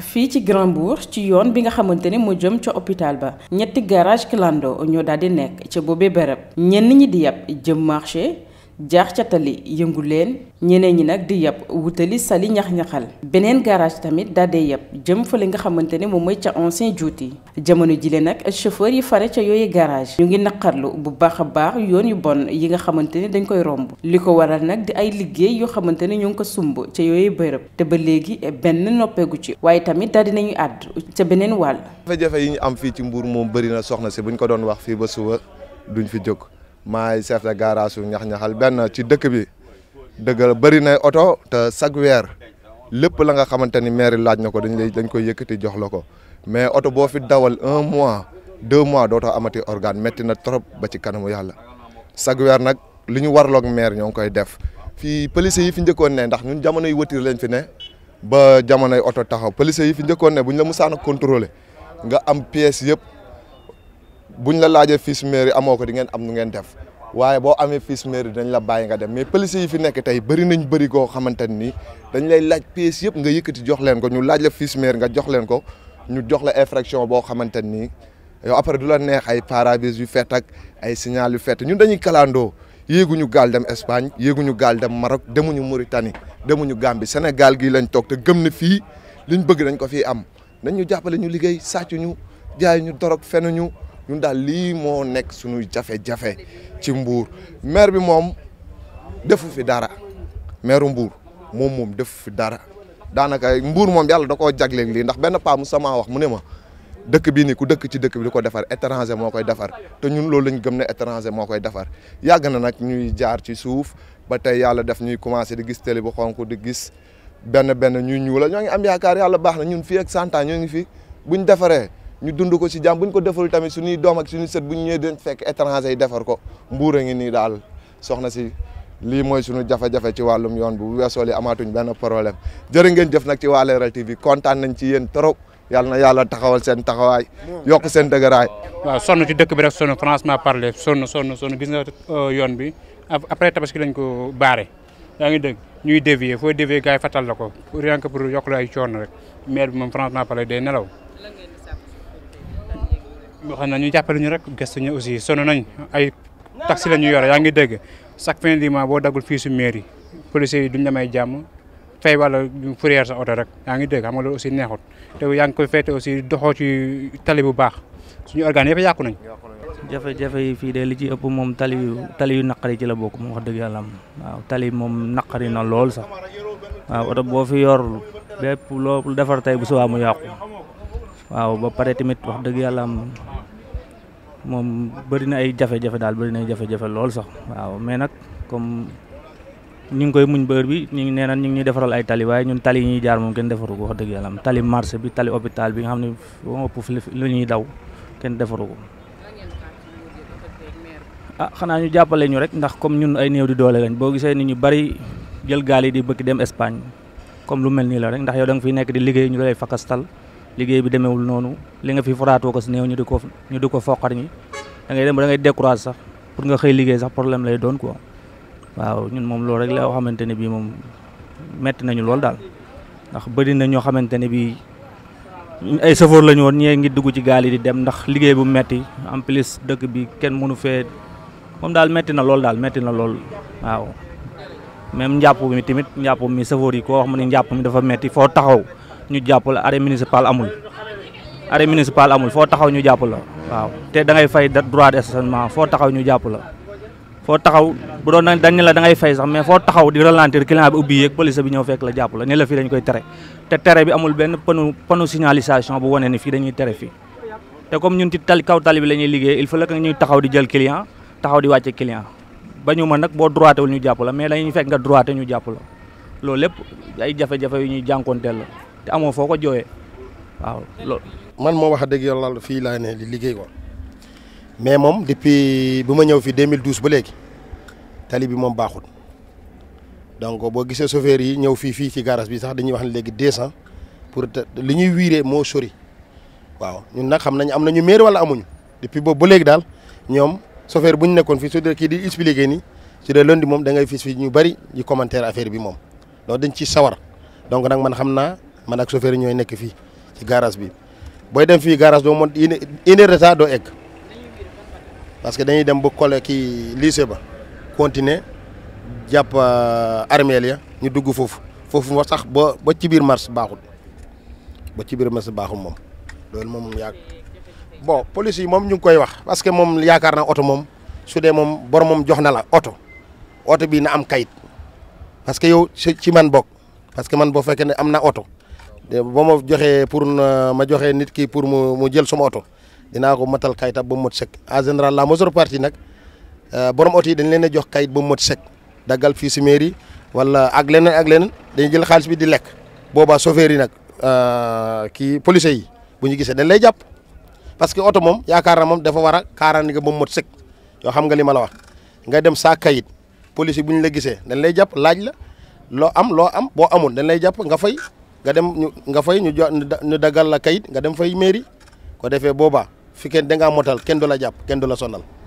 fii ci Grand Bour ci yoon bi nga xamante ne moo jëm ca hopital ba ñetti garage clando ñoo daal di nekk ca boobee bërëb ñenn ñi di yàpp jëm marché jaax ca tali yëngu leen ñeneen ñi nag di yab wutali sali ñax-ñaxal beneen garage tamit daaldee yab jëm fële nga xamante ne moom mooy ca ancien juuti jamono jile nag chauffeur yi fare ca yooyu garage ñu ngi naqarlu bu baax a baax yoon yu bon yi nga xamante ne dañ koy romb li ko waral nag di ay liggéey yoo xamante ne ñu ngi ko sumb ca yooyu bërëb te ba léegi benn noppeegu ci waaye tamit daal dinañu àdd ca beneen wàll jafe-jafe yi ñu am fii ci Mbour moom bëri na soxna si buñ ko doon wax fii ba suba duñ fi jóg maay chef de garage su ñax-ñaxal benn ci dëkk bi dëgg la bëri na oto te chaque lépp la nga xamante ni mairie laaj na ko dañ lay dañ koy yëkkati jox la ko mais oto boo fi dawal un mois deux mois dootoo amati organ métti na trop ba ci kanamu yàlla chaque weer nag li ñu warloog maire ñoo ngi koy def fii police yi fi njëkkoon ne ndax ñun jamonoy wëtir lañ fi ne ba jamonoy oto taxaw police yi fi njëkkoon ne bu ñu la saana contrôler nga am pièce yëpp bu ñu la laajee fiche mairie amoo ko di am nu ngeen def waaye boo amee fiche mairie dañ la bàyyi nga dem mais police yi fi nekk tey bëri nañ bëri koo xamante nii dañ lay laaj pièces yëpp nga yëkkati jox leen ko ñu laaj la fiche nga jox ko ñu jox la infraction boo xamante ni yow après du la neex ay pare yu fet ak ay signal yu ñu ñun dañuy kalandoo yéeguñu gaal dem Espagne yéeguñu gaal dem Maroc demuñu Mauritanie demuñu Gambie Sénégal gii lañ toog te gëm na fii liñ bëgg dañ ko fii am nañ ñu jàppale ñu liggéey sàcc ñu jaay ñu ñun daal lii moo nekk suñu jafe-jafe ci mbuur maire bi moom defu fi dara maire mbuur moom moom defu fi dara daanaka Mbour moom yàlla da koo jagleeg lii ndax benn paa sama wax mu ne ma dëkk bii nii ku dëkk ci dëkk bi di ko defar étranger moo koy defar te ñun loolu lañ gëm ne étranger moo koy defar yàgg na nag ñuy jaar ci suuf ba tey yàlla def ñuy commencé di gis télé bu xonk di gis benn benn ñuy ñuula ñoo ngi am yaakaar yàlla baax na ñun fii ak cent ans ñoo ngi fi buñ defaree ñu dund ko si jàmm bu ñu ko deful tamit suñuy doom ak suñuy sët bu ñu ñëwee dañ fekk étranger yi defar ko mbuur a ngi nii daal soxna si lii mooy suñu jafe-jafe ci wàllum yoon bu weesoo li amaatuñ benn problème jërë ngeen jëf nag ci waa Leral TV kontaan nañ ci yéen trop yàlla na yàlla taxawal seen taxawaay yokk seen dëgëraay. waaw sonn ci dëkk bi rek sonn franchement parler sonn sonn sonn gis nga euh, yoon bi après tabaski lañ ko baare yaa ngi dégg ñuy dévier foo dévier gars yi fatal la ko rien que pour yokk la ay coono rek maire bi moom franchement parler day nelaw. wax na ñu jàppale ñu rek gëstu ñu aussi sono nañ ay taxi la ñu yore yaa ngi dégg chaque fin du mois boo dagul fii su mairie policiers yi duñ la may jàmm fay wala fourrière sa oto rek yaa ngi dégg xam nga loolu te yaa ngi koy feete aussi doxoo ci tali bu baax suñu organe yëpp yàqu nañ. jafe-jafe yi fii de li ci ëpp moom tali yu tali yu naqari ci la bokk moom wax dëgg yàlla am waaw tali moom naqari na lool sax waaw oto boo fi yor bépp loo defar tey bu subaa mu yàqu waaw ba pare tamit wax dëgg yàlla moom bëri na ay jafe-jafe daal bëri na ay jafe-jafe lool sax waaw mais nag comme ñu ngi koy muñ bër bi ñu ngi nee na ñu ngi ñuy defaral ay tali waaye ñun tali yi ñuy jaar moom kenn defaru ko wax dëgg yàlla am tali marché bi ne moo ëpp lu daw kenn defaru ko ah xanaa ñu jàppale ñu rek ndax comme ñun ay néew di doole lañ boo gisee nit ñu bari jël gaal yi di bëgg dem Espagne comme lu mel nii la rek ndax yow da nga fiy nekk di liggéey ñu lay fakastal liggéey bi demeewul noonu li nga fi foraatoo ko si néew ñu di ko ñu di ko foqar ñi da ngay dem da sax pour nga xëy liggéey sax problème lay doon ko waaw ñun moom loolu rek la yoo xamante ne bii moom metti nañu lool daal ndax bëri na ñoo xamante ne bii ay safoor lañu woon ñee ngi dugg ci gaal yi di dem ndax liggéey bu metti en plus dëkk bi kenn mënu fee moom daal metti na lool daal metti na lool waaw même njàpp mi tamit njàpp mi safoor yi koo xam ni njàpp mi dafa metti foo taxaw ñu jàpp la arrêt municipal amul arrêt municipal amul foo taxaw ñu jàpp la waaw te da ngay fay droit de stationnement foo taxaw ñu jàpp la foo taxaw bu doon dañ ne la da ngay fay sax mais foo taxaw di ralentir client bi ubbi yeeg police bi ñëw fekk la jàpp la ne la fii dañ koy tere te tere bi amul benn panneau panneau signalisation bu wane ni fii dañuy tere fii te comme ñun ci tali kaw tali bi la ñuy liggéey il faut que ñuy taxaw di jël client taxaw di wàcce client ba ñu ma nag boo droité wul ñu jàpp la mais dañuy fekk nga droité ñu jàpp loolu lépp ay jafe yu ñuy jànkoonteel la te amoo foo ko jooyee waaw loolu. man moo wax dëgg yàlla fii laa ne di liggéey ko mais moom depuis bu ma ñëw fii 2012 ba léegi tali bi moom baaxul donc boo gisee chauffeur yi ñëw fii fii ci garage bi sax dañuy wax ne léegi 200 pour li ñuy wiiree moo sori waaw ñun nag xam nañ am nañu meer wala amuñu depuis boobu ba léegi daal ñoom chauffeur bu ñu nekkoon fii su dee kii di expliqué nii su dee lundi moom da ngay fis fii ñu bëri ñu commentaire affaire bi moom loolu dañ ci sawar donc nag man xam naa. man ak chauffeur ñooy nekk fii ci garage bi booy dem fii garage doo mën une de temps doo egg parce que dañuy dem ba collège kii lycée ba continuer jàpp euh, armeel ya ñu dugg foofu foofu moo sax ba ba ci biir marché baaxul ci biir marché baaxul moom loolu moom yaa bon police yi moom ñu ngi koy wax parce que moom yaakaar na oto moom su dee moom bor moom jox na la oto oto bii na am kayit parce que yow ci man bokk parce que man boo fekkee ne am na oto ba ma joxee pour ma joxee nit ki pour mu mu jël sama oto dinaa ko matal kayitam ba mot sec en la majeure partie nag euh, borom yi dañ leen a jox kayit ba mu mot sec daggal fii si mairie wala ak leneen ak leneen dañuy jël xaalis bi di lekk boobaa chauffeur yi nag euh, kii policiers yi bu ñu gisee dañ lay jàpp parce que oto moom yaakaar na moom dafa war a kaaraan nga ba mu yoo xam nga li ma la wax nga dem saa kayit police yi bu ñu la gisee dañ lay jàpp laaj la loo am loo am boo amul dañ lay jàpp nga fay. nga dem ñu nga fay ñu ñu daggal la kayit nga dem fay mairie ko defee boobaa fi kenn da ngaa motal kenn du la jàpp kenn du la sonal